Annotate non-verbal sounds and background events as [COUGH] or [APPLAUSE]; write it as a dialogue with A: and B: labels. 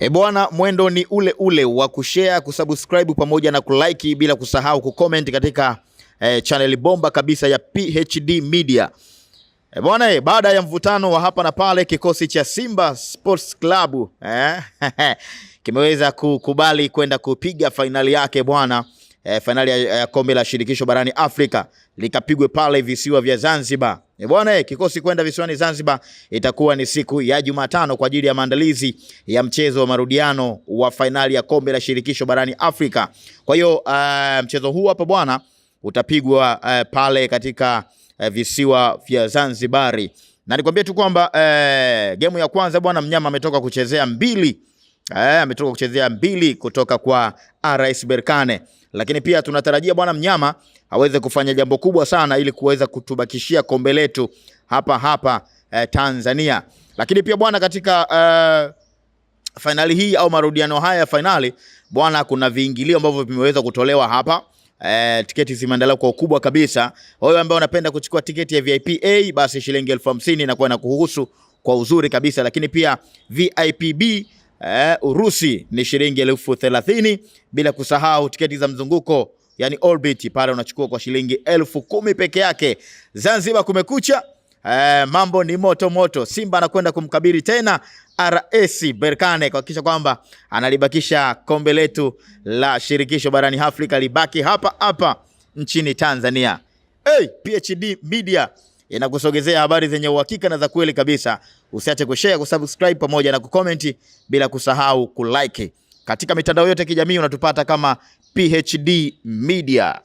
A: E bwana, mwendo ni ule ule wa kushare, kusubscribe pamoja na kulike, bila kusahau kucomment katika eh, chaneli bomba kabisa ya PHD Media. E bwana e, baada ya mvutano wa hapa na pale kikosi cha Simba Sports Club eh, [LAUGHS] kimeweza kukubali kwenda kupiga fainali yake bwana eh, fainali ya, ya kombe la shirikisho barani Afrika likapigwe pale visiwa vya Zanzibar. E, bwana eh, kikosi kwenda visiwani Zanzibar itakuwa ni siku ya Jumatano kwa ajili ya maandalizi ya mchezo wa marudiano wa fainali ya kombe la shirikisho barani Afrika. Kwa hiyo uh, mchezo huu hapa bwana utapigwa uh, pale katika uh, visiwa vya Zanzibari, na nikwambie tu kwamba uh, gemu ya kwanza bwana mnyama ametoka kuchezea mbili eh, ametoka kuchezea mbili kutoka kwa RS Berkane, lakini pia tunatarajia bwana mnyama aweze kufanya jambo kubwa sana ili kuweza kutubakishia kombe letu hapa hapa eh, Tanzania. Lakini pia bwana katika eh, fainali hii au marudiano haya ya fainali bwana, kuna viingilio ambavyo vimeweza kutolewa hapa. Eh, tiketi zimeandaliwa kwa ukubwa kabisa. Wewe ambaye unapenda kuchukua tiketi ya VIP A basi shilingi elfu hamsini inakuwa na kuhusu kwa uzuri kabisa, lakini pia VIP B eh, Urusi ni shilingi elfu thelathini bila kusahau tiketi za mzunguko yani orbit pale unachukua kwa shilingi elfu kumi peke yake. Zanzibar kumekucha, eh, mambo ni moto moto. Simba anakwenda kumkabili tena RS Berkane kuhakikisha kwamba analibakisha kombe letu la shirikisho barani Afrika libaki hapa hapa nchini Tanzania. Hey, PHD Media inakusogezea habari zenye uhakika na za kweli kabisa. Usiache kushare, kusubscribe pamoja na kucomment, bila kusahau kulike. Katika mitandao yote ya kijamii unatupata kama PHD Media.